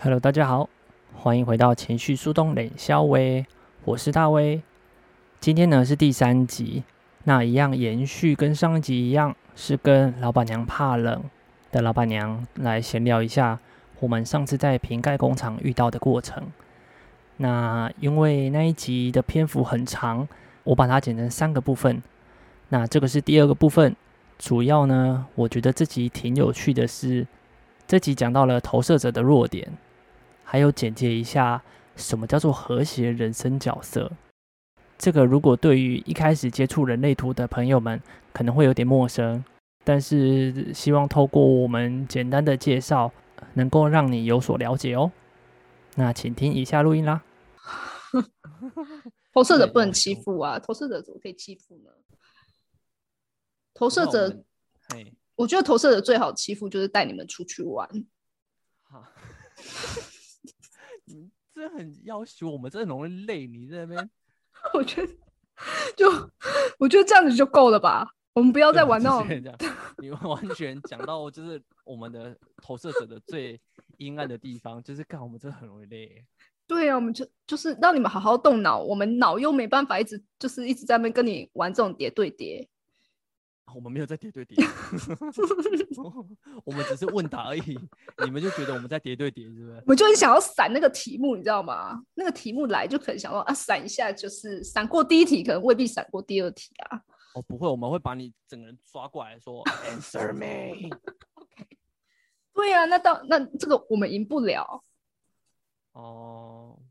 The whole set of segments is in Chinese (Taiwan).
Hello，大家好，歡迎回到情緒速凍冷笑威，我是大威。今天呢是第三集，那一樣延續跟上一集一樣，是跟老闆娘怕冷的老闆娘來閒聊一下我們上次在瓶蓋工廠遇到的過程。那因為那一集的篇幅很長，我把它剪成三個部分。那這個是第二個部分，主要呢，我覺得這集挺有趣的是，這集講到了投射者的弱點。還有簡介一下什麼叫做和諧人生角色。這個如果對於一開始接觸人類圖的朋友們可能會有點陌生，但是希望透過我們簡單的介紹，能夠讓你有所了解哦。那請聽以下錄音啦。 投射者不能欺負啊，投射者怎麼可以欺負呢？投射者我，我覺得投射者最好的欺負就是帶你們出去玩。 真的很要求，我們真的容易累。你在那邊，我覺得就我覺得這樣子就夠了吧。我們不要再玩那種。啊就是、你們完全講到就是我們的投射者的最陰暗的地方， 就是幹我們真的很容易累。對啊，我們就就是讓你們好好動腦，我們腦又沒辦法一直就是一直在那邊跟你玩這種諜對諜。我們沒有在諜對諜， 我們只是問答而已。 你們就覺得我們在諜對諜，是不是？我就很想要閃那個題目，你知道嗎？那個題目來就可能想到啊，閃一下就是閃過第一題，可能未必閃過第二題啊。哦，不會，我們會把你整個人抓過來說 ，answer me。OK，對啊，那到那這個我們贏不了。哦。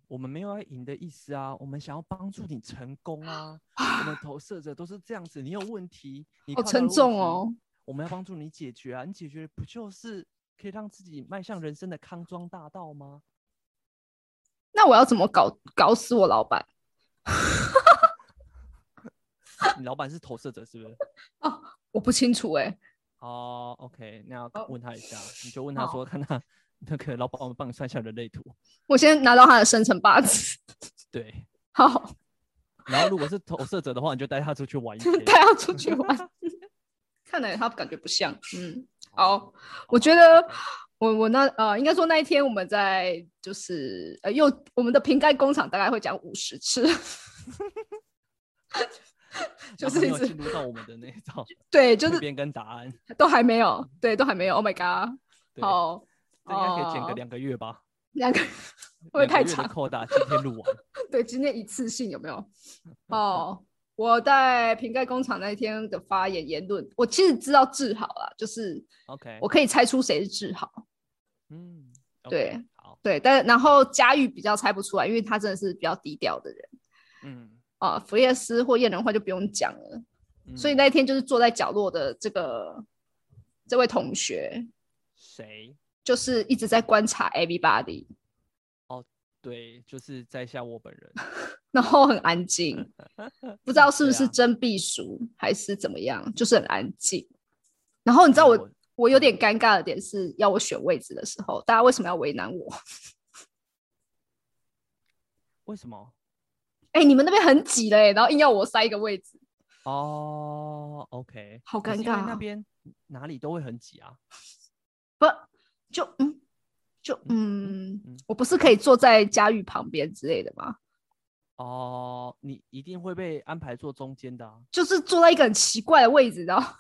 我們沒有要贏的意思啊，我們想要幫助你成功啊。 我們投射者都是這樣子，你有問題，你好、哦、沉重哦。我們要幫助你解決啊，你解決不就是可以讓自己邁向人生的康莊大道嗎？那我要怎麼搞搞死我老板？ 你老板是投射者是不是？哦，我不清楚哎、欸。好、oh，OK，那要問他一下，oh. 你就問他說，看他。Oh. 那以老闆，我們幫你算一下人類圖。我先拿到他的生辰八字。對，好。然後如果是投射者的話，你就帶他， 他出去玩。他要出去玩？看來他感覺不像。嗯，好。好，我覺得我我那呃，應該說那一天我們在就是呃，又我們的瓶蓋工廠大概會講五十次。 就是要記錄到我們的那一種。對，就是變更答案。都還沒有，對，都還沒有。Oh my god！好。應該可以剪個兩個月吧，哦、兩個月會不會太長？擴大今天錄完， 對，今天一次性有沒有？ 哦，我在瓶蓋工廠那一天的發言言論，我其實知道志豪啦，就是 OK，我可以猜出誰是志豪、okay.。嗯，okay, 對，對，但然後佳玉比較猜不出來，因為他真的是比較低調的人。嗯，啊、哦，福葉斯或葉人化就不用講了，嗯、所以那一天就是坐在角落的這個、嗯、這位同學，誰？就是一直在觀察 everybody，哦、oh,，對，就是在下我本人， 然後很安靜， 不知道是不是真避暑還是怎麼樣， 就是很安靜。然後你知道我、哎、我，我有點尷尬的點是要我選位置的時候，大家為什麼要為難我？ 為什麼？哎、欸，你們那邊很擠嘞、欸，然後硬要我塞一個位置。哦、oh,，OK，好尷尬，那邊哪裡都會很擠啊。就嗯，就嗯，嗯，嗯，我不是可以坐在嘉玉旁邊之類的嗎？哦、呃，你一定會被安排坐中間的、啊，就是坐在一個很奇怪的位置，然後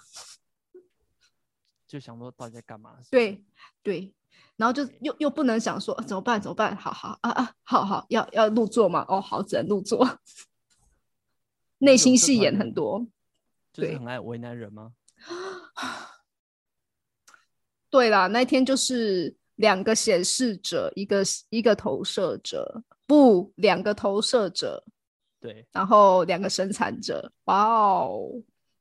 就想說到底在幹嘛是不是？對對，然後就又又不能想說、啊、怎麼辦怎麼辦？好好啊啊，好好要要入座嗎？哦，好，只能入座。內 心戲演很多，就是很愛為難人嗎？對啦，那一天就是兩個顯示者，一個一個投射者，不，兩個投射者，對，然後兩個生產者，哇哦，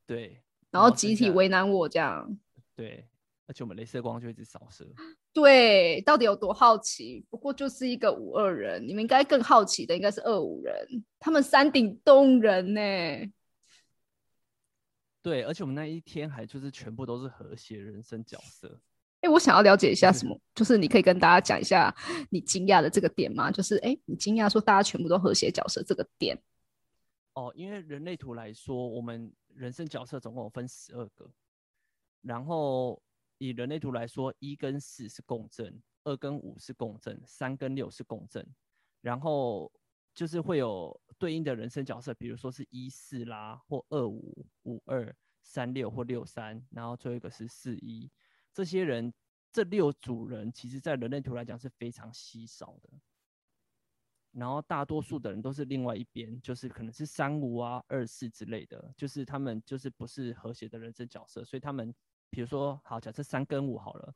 對，然後集體為難我這樣，對，而且我們雷射光就一直掃射，對，到底有多好奇？不過就是一個五二人，你們應該更好奇的應該是二五人，他們山頂洞人呢、欸？對，而且我們那一天還就是全部都是和諧人生角色。我想要了解一下什麼，是就是你可以跟大家講一下你驚訝的這個點嗎？就是哎、欸，你驚訝說大家全部都和諧角色這個點？哦，因為人類圖來說，我們人生角色總共有分十二個，然後以人類圖來說，一跟四是共振，二跟五是共振，三跟六是共振，然後就是會有對應的人生角色，比如說是一四啦，或二五五二三六或六三，然後最後一個是四一。這些人，這六組人，其實在人類圖來講是非常稀少的。然後大多數的人都是另外一邊，就是可能是三五啊、二四之類的，就是他們就是不是和諧的人生角色。所以他們，比如說，好，假設三跟五好了，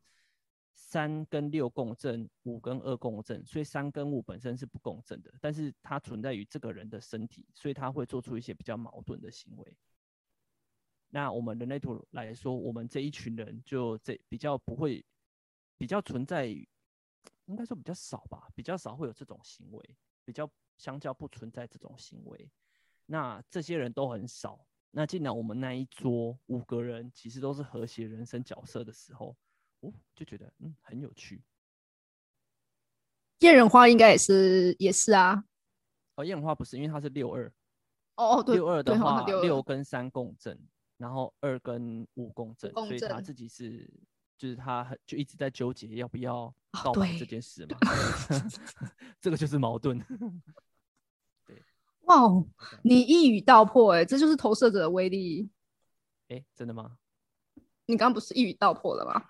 三跟六共振，五跟二共振，所以三跟五本身是不共振的，但是它存在於這個人的身體，所以他會做出一些比較矛盾的行為。那我們人類圖來說，我們這一群人就這比較不會，比較存在，應該說比較少吧，比較少會有這種行為，比較相較不存在這種行為。那這些人都很少。那既然我們那一桌五個人其實都是和諧人生角色的時候，哦，就覺得嗯很有趣。豔人花應該也是也是啊。哦，豔人花不是因為它是六二。哦哦，對，六二的話，哦、六，六跟三共振。然後二跟五共振，所以他自己是就是他很就一直在糾結要不要告白這件事嘛，哦、 這個就是矛盾。 對，哇，你一語道破哎、欸，這就是投射者的威力。哎、欸，真的嗎？你剛剛不是一語道破了嗎？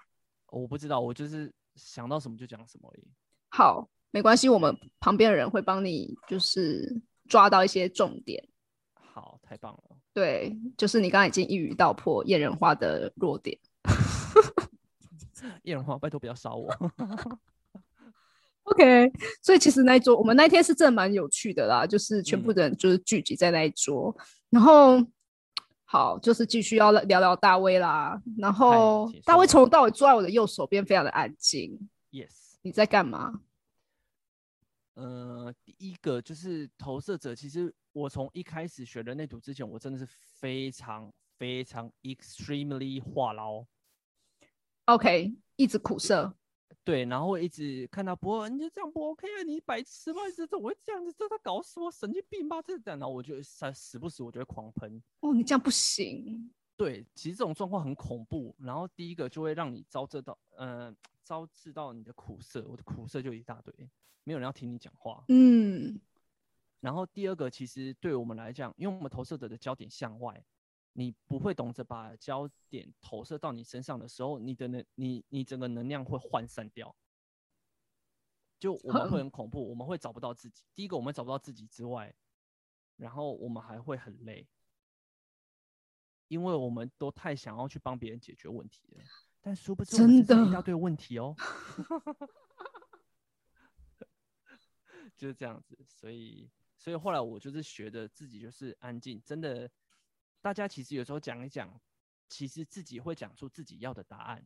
哦？我不知道，我就是想到什麼就講什麼而已。好，沒關係，我們旁邊的人會幫你就是抓到一些重點。好，太棒了。對，就是你剛剛已經一語道破燕人話的弱點。燕 人話，拜托不要燒我。 OK，所以其實那一桌，我們那一天是真的蠻有趣的啦，就是全部的人就是聚集在那一桌，嗯、然後好，就是繼續要聊聊大衛啦。然後大衛從頭到尾坐在我的右手邊，非常的安靜。Yes，你在幹嘛？呃，第一個就是投射者，其實。我從一開始學人類圖之前，我真的是非常非常 extremely 話癆。o、okay, k 一直苦澀對，對，然後一直看到不播，你、嗯、就這樣播，OK 啊，你白痴嗎？這這我會這樣子，這他搞什麼神經病吧。這樣，然後我就死死不死，我就會狂噴。哦，你這樣不行。對，其實這種狀況很恐怖。然後第一個就會讓你招致到，嗯、呃，招致到你的苦澀。我的苦澀就一大堆，沒有人要聽你講話。嗯。然後第二個，其實對我們來講，因為我們投射者的焦點向外，你不會懂得把焦點投射到你身上的時候，你的能，你你整個能量會渙散掉，就我們會很恐怖，我們會找不到自己。第一個，我們找不到自己之外，然後我們還會很累，因為我們都太想要去幫別人解決問題了，但殊不知我們要對問題哦，真的 就是這樣子，所以。所以後來我就是學著自己就是安靜，真的，大家其實有時候講一講，其實自己會講出自己要的答案。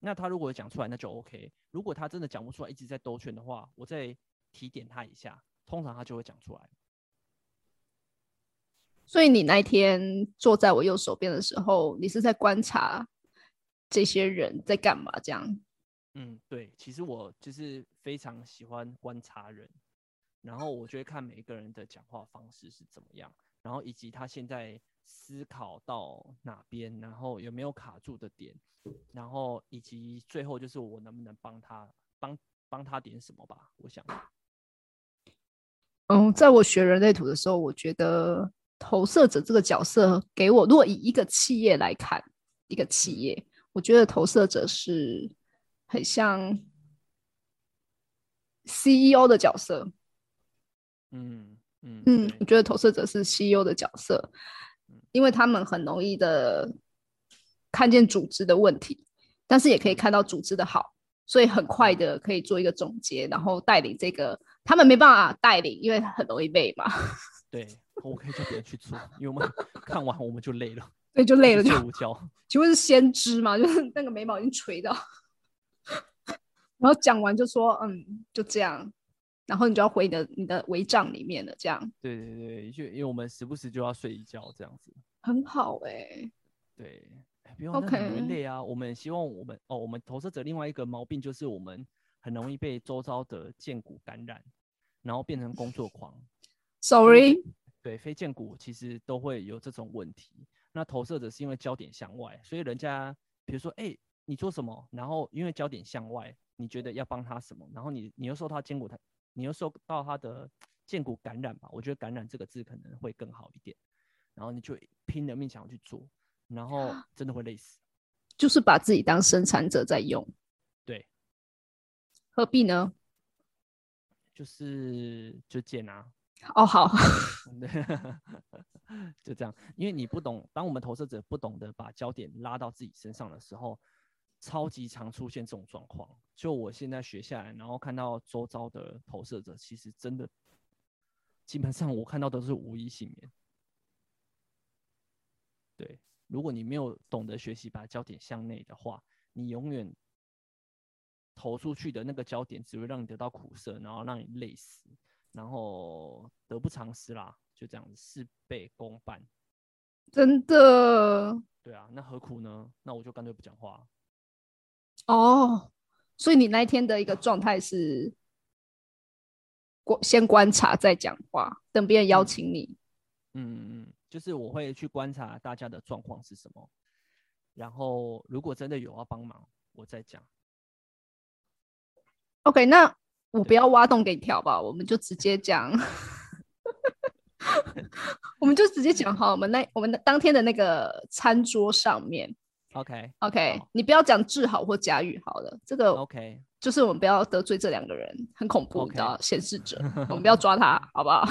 那他如果講出來，那就 OK；如果他真的講不出來，一直在兜圈的話，我再提點他一下，通常他就會講出來。所以你那一天坐在我右手邊的時候，你是在觀察這些人在幹嘛？這樣？嗯，對，其實我就是非常喜歡觀察人。然後我覺得看每一個人的講話方式是怎麼樣，然後以及他現在思考到哪邊，然後有沒有卡住的點，然後以及最後就是我能不能幫他幫幫他點什麼吧？我想，嗯，在我學人類圖的時候，我覺得投射者這個角色給我，如果以一個企業來看，一個企業，我覺得投射者是很像 CEO 的角色。嗯嗯嗯，我覺得投射者是 CEO 的角色，因為他們很容易的看見組織的問題，但是也可以看到組織的好，所以很快的可以做一個總結，然後帶領這個。他們沒辦法帶領，因為他很容易累嘛。對，我可以叫別人去做，因為我們看完我們就累了。所 以就累了就無焦。 請問是先知嗎？就是那個眉毛已經垂到， 然後講完就說，嗯，就這樣。然後你就要回你的你的圍帳裡面了，這樣。對對對，就因為我們時不時就要睡一覺，這樣子。很好哎、欸。對，不用、okay. 那麼累啊。我們希望我們哦，我們投射者另外一個毛病就是我們很容易被周遭的薦骨感染，然後變成工作狂。 Sorry。對，非薦骨其實都會有這種問題。那投射者是因為焦點向外，所以人家比如說哎、欸，你做什麼，然後因為焦點向外，你覺得要幫他什麼，然後你你又受他薦骨你又受到他的薦骨感染吧？我覺得“感染”這個字可能會更好一點。然後你就拼了命想要去做，然後真的會累死。就是把自己當生產者在用。對。何必呢？就是就賤啊！哦、oh，好。 就這樣，因為你不懂。當我們投射者不懂得把焦點拉到自己身上的時候。超級常出現這種狀況，就我現在學下來，然後看到周遭的投射者，其實真的基本上我看到都是無一幸免。對，如果你沒有懂得學習把焦點向內的話，你永遠投出去的那個焦點只會讓你得到苦澀，然後讓你累死，然後得不償失啦。就這樣子事倍功半，真的。對啊，那何苦呢？那我就乾脆不講話。哦，所以你那一天的一個狀態是，觀先觀察再講話，等別人邀請你。嗯嗯，就是我會去觀察大家的狀況是什麼，然後如果真的有要幫忙，我再講。OK，那我不要挖洞給你跳吧，我們就直接講，我們就直接講哈，我們那我們當天的那個餐桌上面。OK，OK，okay, okay,、哦、你不要講治好或假語好了，這個 OK，就是我們不要得罪這兩個人，很恐怖的顯、okay. 示者， 我們不要抓他， 好不好？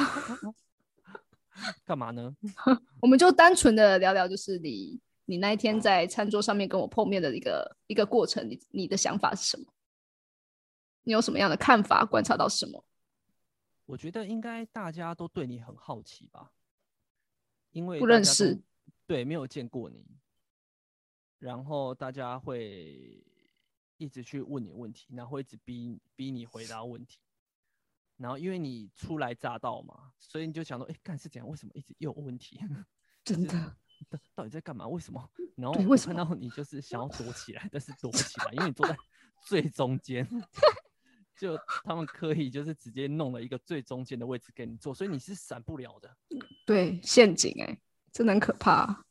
幹嘛呢？ 我們就單純的聊聊，就是你你那一天在餐桌上面跟我碰面的一個、哦、一個過程，你你的想法是什麼？你有什麼樣的看法？觀察到什麼？我覺得應該大家都對你很好奇吧，因為不認識，對，沒有見過你。然後大家會一直去問你問題，然後會一直逼逼你回答問題。然後因為你初來乍到嘛，所以你就想說，哎，幹是這樣？為什麼一直有問題？真的？到底在幹嘛？為什麼？然後你就是想要躲起來，但是躲不起來，因為你坐在最中間。 就他們刻意就是直接弄了一個最中間的位置給你坐，所以你是閃不了的。對，陷阱哎、欸，真的很可怕、啊。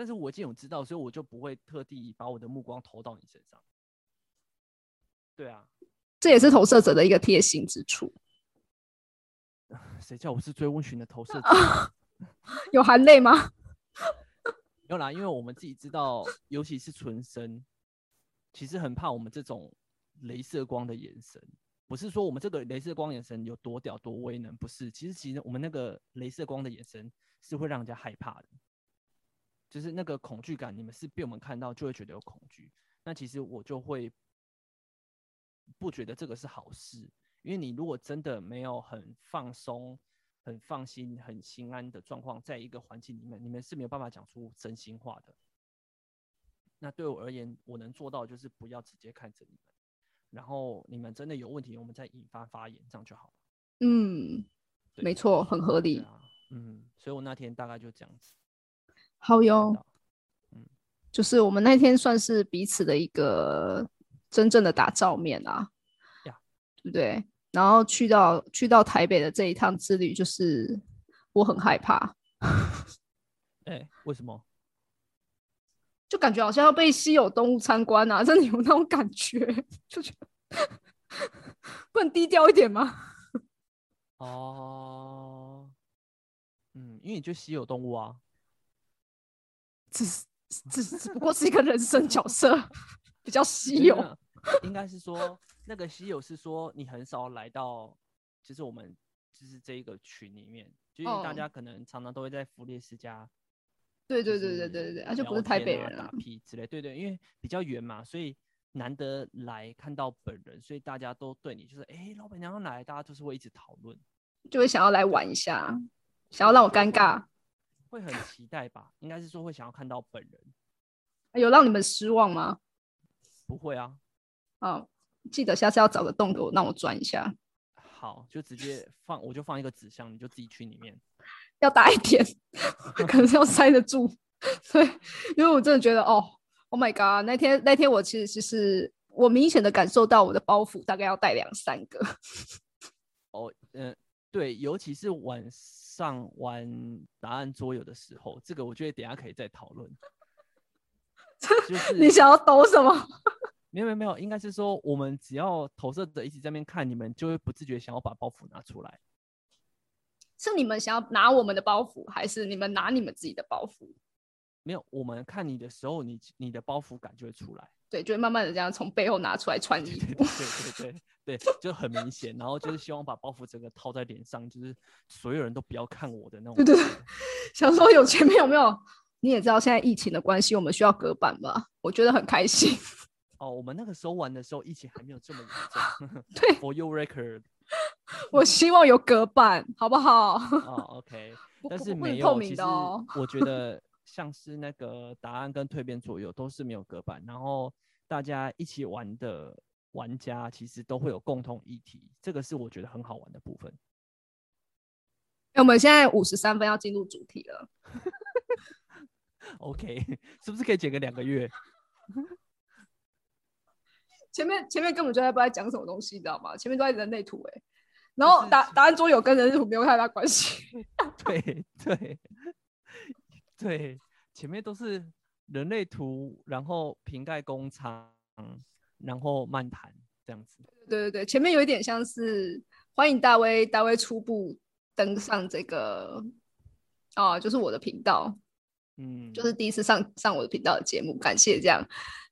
但是我既然有知道，所以我就不會特地把我的目光投到你身上。對啊，這也是投射者的一個貼心之處。呃、誰叫我是最溫馴的投射者，呃。有含淚嗎？ 沒有啦，因為我們自己知道，尤其是純生，其實很怕我們這種鐳射光的眼神。不是說我們這個鐳射光眼神有多屌多威能，不是。其實，其實我們那個鐳射光的眼神是會讓人家害怕的。就是那個恐懼感，你們是被我們看到就會覺得有恐懼。那其實我就會不覺得這個是好事，因為你如果真的沒有很放鬆、很放心、很心安的狀況，在一個環境裡面，你們是沒有辦法講出真心話的。那對我而言，我能做到就是不要直接看着你們，然後你們真的有問題，我們再引發發言，這樣就好了。嗯，沒錯，很合理。對啊。嗯，所以我那天大概就這樣子。好喲、嗯，就是我們那天算是彼此的一個真正的打照面啊，yeah. 對不對？然後去到去到台北的這一趟之旅，就是我很害怕。哎、 欸，為什麼？就感覺好像要被稀有動物參觀啊，真的有那種感覺，就 不能低調一點嗎？哦、 oh,，嗯，因為你就稀有動物啊。只是，只是，只不過是一個人生角色， 比較稀有。 應該是說，那個稀有是說你很少來到，就是我們，就是這一個群裡面，哦、就因為大家可能常常都會在福利世家、啊。對對對對對對對，而、啊、且不是台北人、啊、打屁之類對，對對，因為比較遠嘛，所以難得來看到本人，所以大家都對你就是，哎、欸，老闆娘要來，大家就是會一直討論，就會想要來玩一下，對對對，想要讓我尷尬。對對對。會很期待吧？應該是說會想要看到本人、欸。有讓你們失望嗎？不會啊。好，記得下次要找個洞給我，讓我鑽一下。好，就直接放，我就放一個紙箱，你就自己去裡面。要大一點， 可能是要塞得住。 所以因為我真的覺得，哦，Oh my God！那天那天我其實其、就、實、是、我明顯的感受到我的包袱大概要帶兩三個。哦、oh,，嗯。對，尤其是晚上玩答案桌遊的時候，這個我覺得等下可以再討論、 就是。你想要抖什麼？沒有沒有沒有，應該是說我們只要投射者一直在那邊看，你們就會不自覺想要把包袱拿出來。是你們想要拿我們的包袱，還是你們拿你們自己的包袱？沒有，我們看你的時候，你你的包袱感就會出來。對，就會慢慢的這樣從背後拿出來穿衣服 對對對對，對就很明顯。然後就是希望把包袱整個套在臉上，就是所有人都不要看我的那種感覺。對，對對，想說有前面有沒有？ 你也知道現在疫情的關係，我們需要隔板吧？我覺得很開心。哦，我們那個時候玩的時候，疫情還沒有這麼嚴重。對 ，For your record， 我希望有隔板，好不好？哦 okay 但是沒有、哦，其實我覺得。像是那個答案跟蛻變桌遊都是沒有隔板，然後大家一起玩的玩家其實都會有共同議題，這個是我覺得很好玩的部分。欸、我們現在五十三分要進入主題了 ，OK？是不是可以剪個兩個月？ 前面前面根本就在不知道講什麼東西，你知道嗎？前面都在人類圖，哎，然後答是是答案桌遊跟人類圖沒有太大關係 ，對對。對，前面都是人類圖，然後瓶蓋工廠，然後漫談這樣子。對對對，前面有一點像是歡迎大威，大威初步登上這個，哦，就是我的頻道，嗯，就是第一次上上我的頻道的節目，感謝這樣。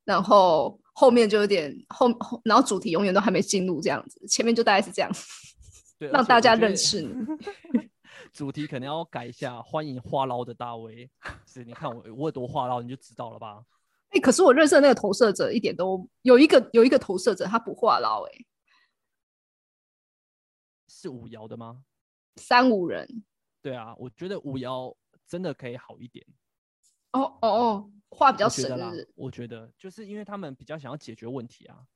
然後後面就有點後，然後主題永遠都還沒進入這樣子，前面就大概是這樣， 讓大家認識你。 主題可能要改一下。歡迎話嘮的大 V。是你看我我有多話嘮，你就知道了吧？哎、欸，可是我認識的那個投射者，一點都有一個有一個投射者，他不話嘮哎，是五爻的嗎？三五人。對啊，我覺得五爻真的可以好一點。哦哦哦，話比較少啦。我覺得就是因為他們比較想要解決問題啊，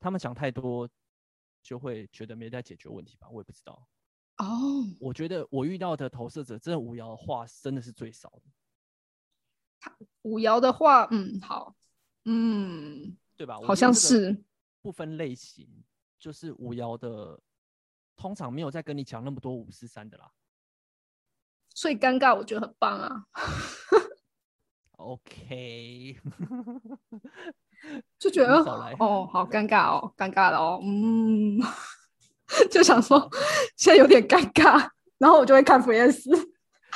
他們想太多就會覺得沒在解決問題吧，我也不知道。哦、oh，我覺得我遇到的投射者，真的五爻的話，真的是最少的。五爻的話，嗯，好，嗯，對吧？好像是不分類型，就是五爻的，通常沒有再跟你講那麼多五四三的啦。所以尷尬，我覺得很棒啊。 OK， 就覺得很哦，好尷尬哦，尷尬了哦，嗯。 就想說，現在有點尷尬，然後我就會看福音斯。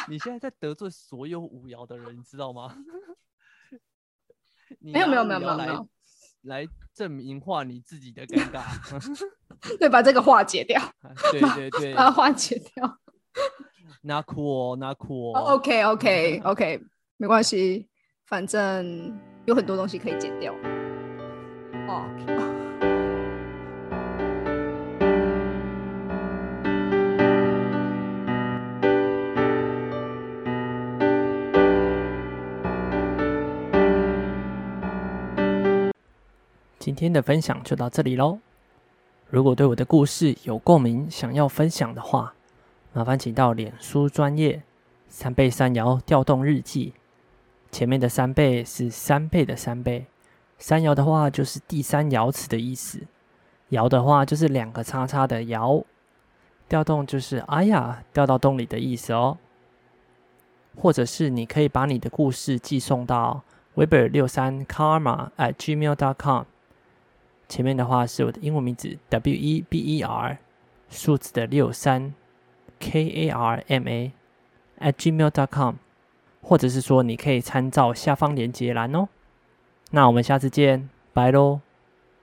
你現在在得罪所有五爻的人，你知道嗎？ 沒有沒有沒有沒有，沒有來證明化你自己的尷尬。對，把這個化解掉。對對對，把化解掉。Not cool，Not cool。Cool. Oh, OK OK OK， 沒關係，反正有很多東西可以剪掉。Oh, OK。今天的分享就到這裡嘍。如果對我的故事有共鳴，想要分享的話，麻煩請到臉書專頁“三倍三爻調動日記”。前面的“三倍”是三倍的三倍，“三爻”的話就是第三爻辭的意思，“爻”的話就是兩個叉叉的爻。“調動”就是哎呀掉到洞裡的意思哦。或者是你可以把你的故事寄送到 weber 六三 karma at gmail dot com。前面的話是我的英文名字 W E B E R 數字的六三 K A R M A at gmail dot com，或者是說你可以參照下方連結欄哦。那我們下次見，拜嘍。